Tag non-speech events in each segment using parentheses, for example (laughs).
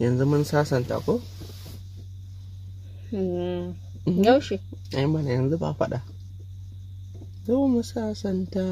yanzu mun sasanta ko? Hmm, yaushe ai mana yanzu ba faɗa yau tu sasanta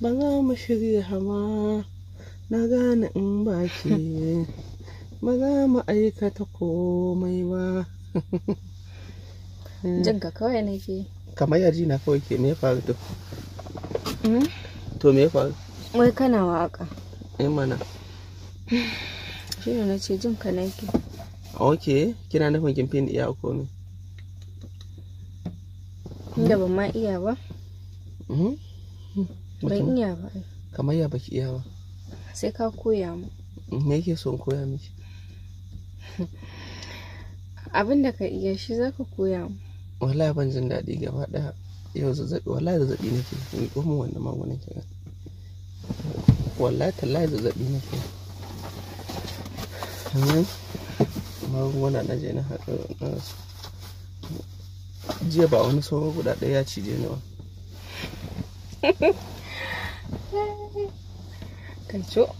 ba za mu shirya hama na gane in ba ke ba za mu aikata komai ba (laughs) jinka kawai nake kamar yaji na kawai ke me faru to hmm? me faru wai kana waka Eh mana shi ne na ce jin ka nake ok kina nufin kin fin iya ko ne inda ban ma iya ba mhm. ban iya ba kamar ya baki iya ba sai ka koya mu me yake son koya miki abin da ka iya shi za ka koya mu wallahi ban jin daɗi gaba ɗaya yau zazzaɓi wallahi zazzaɓi nake in ko mu wannan magunan Wala wallahi tallahi zazzaɓi nake sannan magunguna na je na haɗa jiya ba wani sauro guda ɗaya ya cije ni ba (laughs) kanco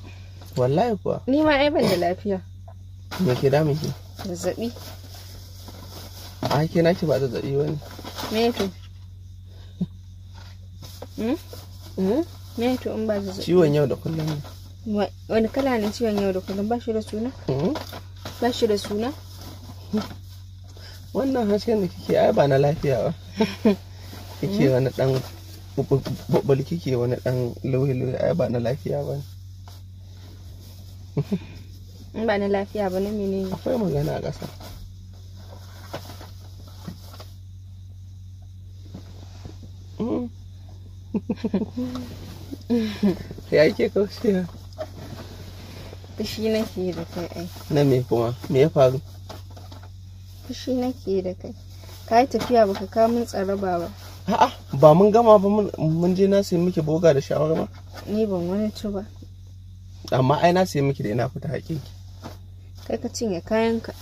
wallahi kuwa ni ma ai ban da lafiya me ke ki zazzabi a ke naki ba zazzabi ba ne me hmm? Hmm? me in ba zazzabi ciwon yau da kullum ne wani kala ne ciwon yau da kullum ba shi da suna hmm? ba shi da suna wannan hasken da kike ai ba na lafiya ba (laughs) kike wani dan babbal kike wani dan lauyi-lauyi ai ba na lafiya ba ne ba na lafiya ba na menene akwai magana a ƙasa hmm? (laughs) ya ke kaushewa Fushi nake da kai ai. Na me kuma? Me ya faru? Fushi nake da kai. Ka yi tafiya baka ka mun tsaraba ba. A'a ba mun gama ba mun je na sayi miki boga da shawara ba. Ni ban wani ci ba. Amma ai na sayi miki da ina fita haƙin Kai ka cinye kayanka.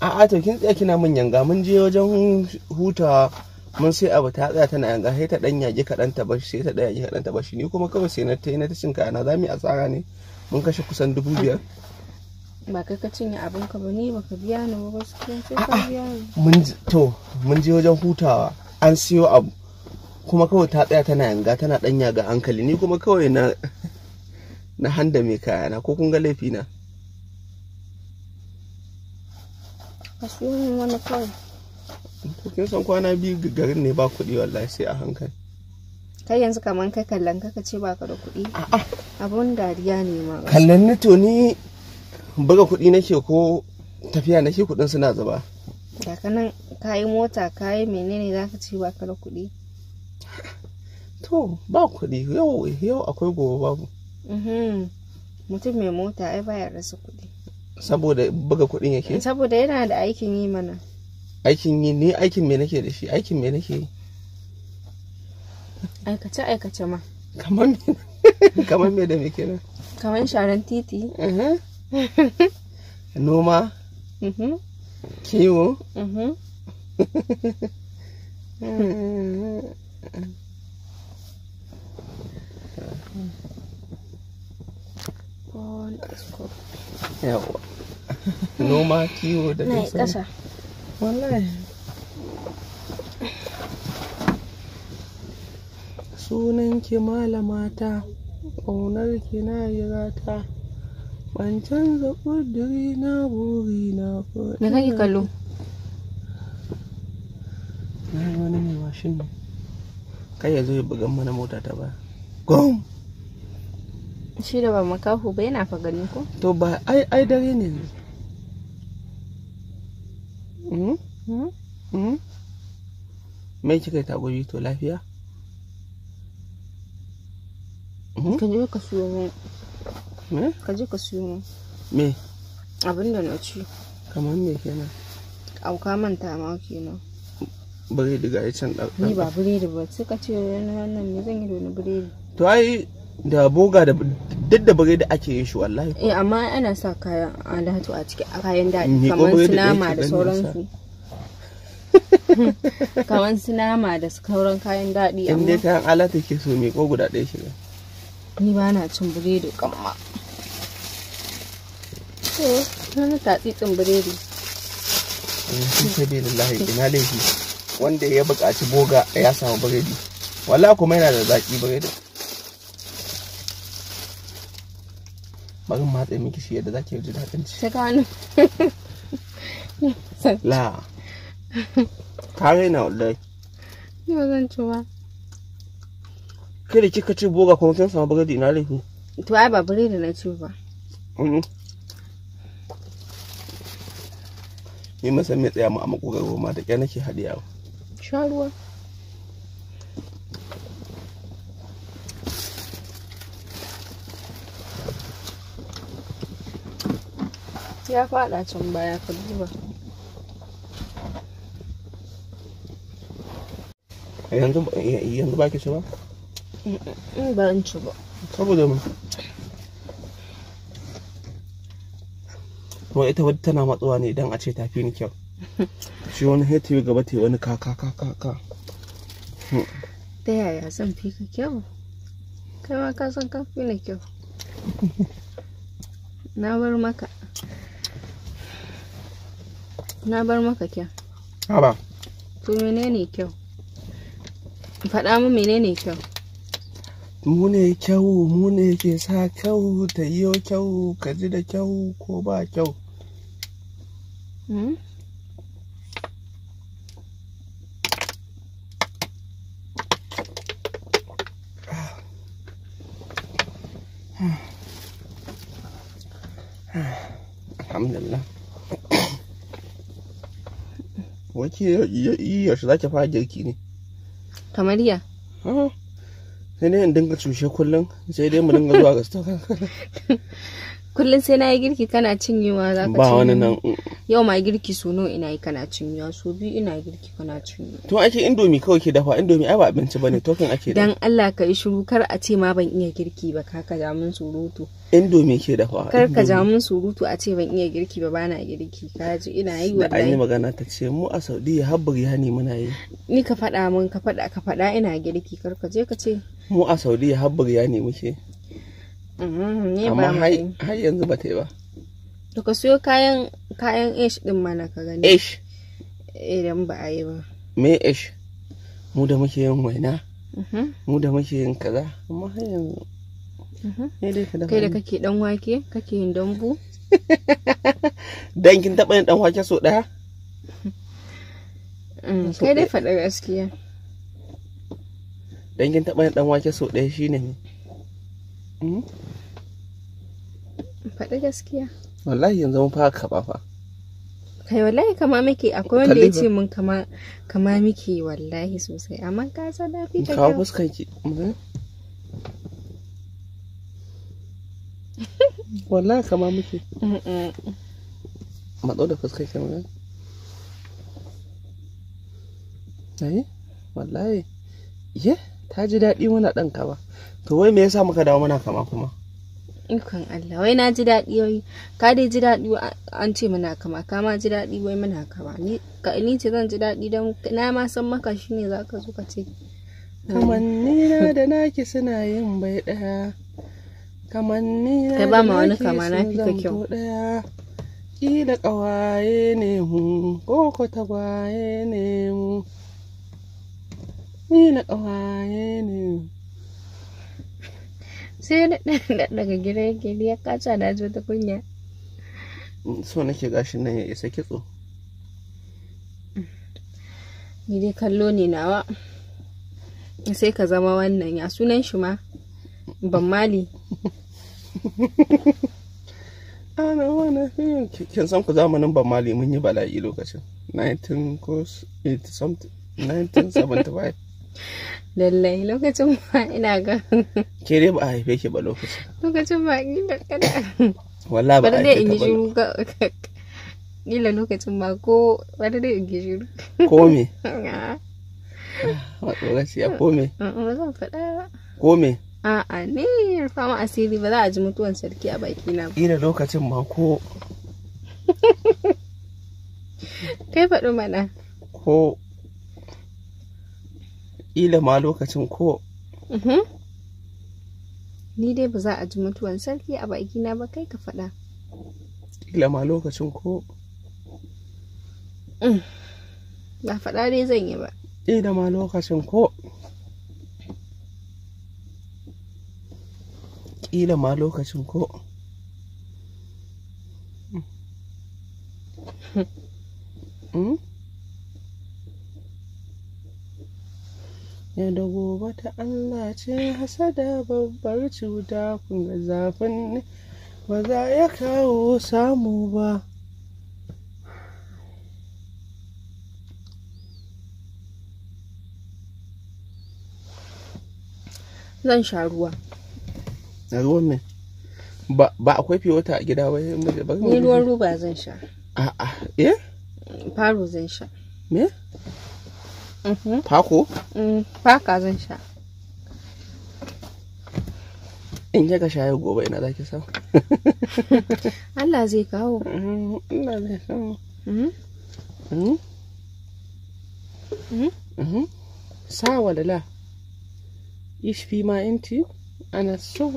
A'a to kin tsaya kina mun yanga mun je wajen hutawa mun sai abu ta tsaya tana yanga sai ta dan yage kaɗan ta bashi sai ta dan yage kaɗan ta bashi ni kuma kawai sai na ta yi na ta cin kayana za mu yi asara ne. mun kashe kusan dubu biyar ba kai ka cinye abin ka ba ne, ba ka biya ni ba gaskiya sai ka biya ni mun to mun je wajen hutawa an siyo abu kuma kawai ta tsaya tana yanga tana danya ga hankali ni kuma kawai na na handa mai kaya na ko kun ga laifi na a wani kawai kin san kwana biyu garin ne ba kuɗi wallahi sai a hankali kai yanzu kaman kai kallon ka ce baka da kuɗi abun dariya ne ma kallon ni to ni buga kuɗi nake ko tafiya nake kuɗin suna zuba da kanan kayi mota kayi menene za ka ce baka da kuɗi to ba kuɗi yau yau akwai gobe babu mm-hmm. mutum mai mota ai baya rasa kuɗi saboda buga kuɗin yake saboda yana da aikin yi mana aikin yi ni aikin me nake da shi aikin me nake yi aikace aikace ma kamar (laughs) kamar me da me kenan kamar sharan titi (laughs) noma mm-hmm. kiwo mm-hmm. (laughs) noma kiwo da wallahi sunanki malamata ƙaunarki na rigata ban canza ƙuduri na buri na me kake kallo na yi wani mai mashin ne kai ya zo ya bugan mana mota ta ba gom shi da ba makaho ba yana fa gani ko to ba ai ai dare ne ne hmm? hmm? hmm? me kika yi tagogi to lafiya ka je ka siyo mu me ka je ka siyo mu me abin da na ci kamar me kenan auka manta ma kenan biredi ga can ɗan ni ba biredi ba sai ka ce wannan ne zan yi da wani biredi to ai da boga da duk da biredi ake yin shi wallahi eh amma ana sa kayan alatu a ciki kayan daɗi kamar su nama da sauransu kamar su nama da sauran kayan daɗi amma in dai kayan alatu ke so me ko guda ɗaya shiga ni ba na cin biredi kamma to na na cin biredi shi eh, sabilillahi ina laifi wanda ya buƙaci boga ya samu biredi walla kuma yana da zaƙi biredi bari matsa miki shi yadda zaki yarda daɗin ci tsakanin la ka raina wallahi yau zan ci ba Kada da kika ci boga kuma kin samu biredi na laifi to ai ba biredi na ci ba ni masan mai tsaya mu a makogar goma, da kyar nake haɗiyawa sha ruwa ya faɗa can baya ka duba yanzu ba ki ci ba ba in ba saboda mu ita wadda tana matsuwa ne idan a ce tafi ni kyau (laughs) shi wani heti gaba te wani kaka kaka ka ta yaya zan fi ka kyau kai ma ka san ka fi ni kyau (laughs) na bar maka na bar maka kyau haba to menene kyau faɗa mu menene kyau mu ne kyau mu ne ke sa kyau ta yiwo kyau ka ji da kyau ko ba kyau hmm? alhamdulillah wace yaushe za ki fara girki ne kamar ya sai ne in dinga cushe kullum sai dai mu dinga zuwa ga (laughs) kullum sai na yi girki kana cinyewa za ka ba wani nan yau ma girki su nawa ina yi kana cinyewa su biyu ina girki kana cinyewa to ake indomi kawai ke dafa indomi ai ba abinci bane tokin ake da dan Allah ka yi shiru kar a ce ma ban iya girki ba ka ka ja mun surutu indomi ke dafa kar ka ja mun surutu a ce ban iya girki ba bana girki ka ji ina yi wa da an yi magana ta ce mu a ya Saudiya ya biryani muna yi ni ka faɗa mun ka faɗa ka faɗa ina girki kar ka je ka ce mu a ya Saudiya ya biryani muke Mm-hmm. amma har yanzu ba ta yi ba da ka siyo kayan kayan ish din mana ka gani ish idan ba a yi ba me ish mu da muke yin waina mm-hmm. mu da muke yin kaza amma har yanzu mm-hmm. kai da kake dan wake kake yin dambu (laughs) dan kin taba yin dan wake so daya (laughs) mm, kai dai faɗa gaskiya dan kin taba yin dan wake so daya shine ne Hmm? faɗi gaskiya wallahi yanzu mun fara kaba fa kai wallahi kama muke akwai wanda ya ce mun kama kama muke wallahi sosai amma ka san da fi ta kawo fuskar ki hmm? (laughs) wallahi kama muke matso da fuskar ki mun ai eh? wallahi ye ta ji daɗi muna ɗan kaba to wai me yasa muka dawo muna kama kuma ikon Allah wai na ji daɗi wai ka dai ji daɗi an ce muna kama ka ma ji daɗi wai muna kama ni ka ni ce zan ji daɗi dan na ma san maka shine zaka zo ka ce kamanni na da naki suna yin bai daya kamanni na da naki sun kyau ki kila kawaye ne mu ko ko tagwaye ne mu ni na kawaye ne mu sai na (laughs) daga gida yake ni ya kaca na ji wata kunya so nake gashin nan ya isa kitso ni dai kallo ne nawa sai ka zama wannan ya sunan shi ma ban mali ana (laughs) ah, wana hmm, kin san ku zamanin ban mali mun yi bala'i lokacin 19 ko 80 something 1975 lallai lokacin ba (laughs) ina ga ke dai ba a haife ki ba lokacin lokacin ba ni da kada wallahi ba a haife ki ba kila lokacin ba ko wani dai in gishiru (laughs) ko me (laughs) ah, wato gaskiya ko me mm, ba zan faɗa ba ko me a'a ne fama asiri ba za a ji mutuwan sarki a baki na ba kila lokacin ma ko kai faɗi mana ko ƙila ma lokacin ko mhm. ni dai ba za a ji mutuwan sarki a bakina ba kai ka faɗa ƙila ma lokacin ko mm. ba faɗa dai zan yi ba ƙila ma lokacin ko ƙila ma lokacin ko hmm. wata Allah ce hasada babbar cuta kuma zafin ba za ya kawo samu ba zan sha ruwa na ruwan me ba akwai fi wata a gida wai ni ruwan ruba zan sha a'a eh faro zan sha me Fako? Mm-hmm. Mm, faka zan sha. In ya ka shaye gobe ina zaki samu. (laughs) Allah zai kawo. Mm-hmm. Allah zai kawo. Sawa da Ishfi ma inti. Ana so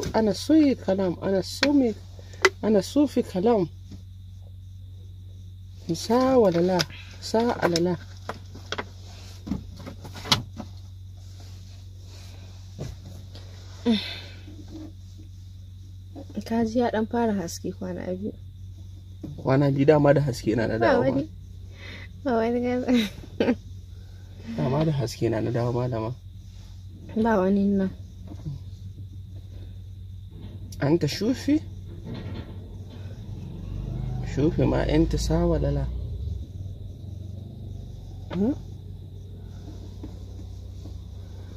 yi kalam ana so me ana so fi kalam. Sawa da la. Sa'a da la. kaji ya dan fara haske kwana biyu kwana biyu dama da haske na na dawo ba wani gaza dama da haske na na dawo dama. ba wani nan an ta shufi shufi ma yan ta sawa lala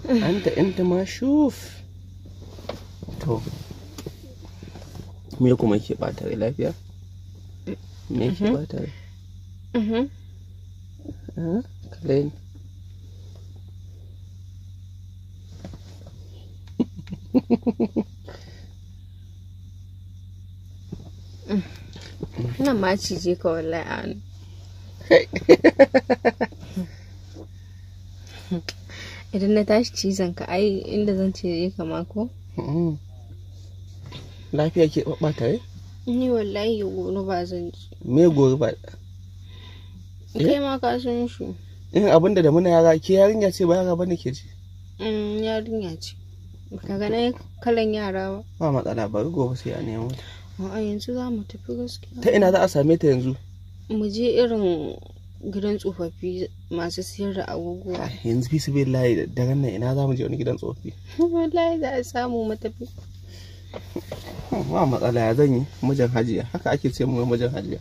an ta yan ta ma shufi to me kuma ke bata rai lafiya me ke bata mm-hmm. rai mm-hmm. ah, kalain (laughs) na ma je ka wallahi a wani. (laughs) Idan na tashi cizon ka ai inda zan ce kama ka mako? Mm-hmm. lafiya ke ɓaɓɓata rai ni wallahi goro ba zan ci me goro ba eh? kai ma ka san shi in eh, abinda da muna yara ke yarinya ce ba yara bane ke ji mm, yarinya ce ka ga kalan yara ba ba matsala bari gobe sai a nemo ta a yanzu za mu tafi gaskiya ta ina za a same ta yanzu mu je irin gidan tsofaffi masu siyar da agogo yanzu fi su bai layi da daren nan ina za mu je wani gidan tsofaffi (laughs) wallahi za a samu matafi ba matsala ya zan yi mijin hajiya haka ake ce mu mijin hajiya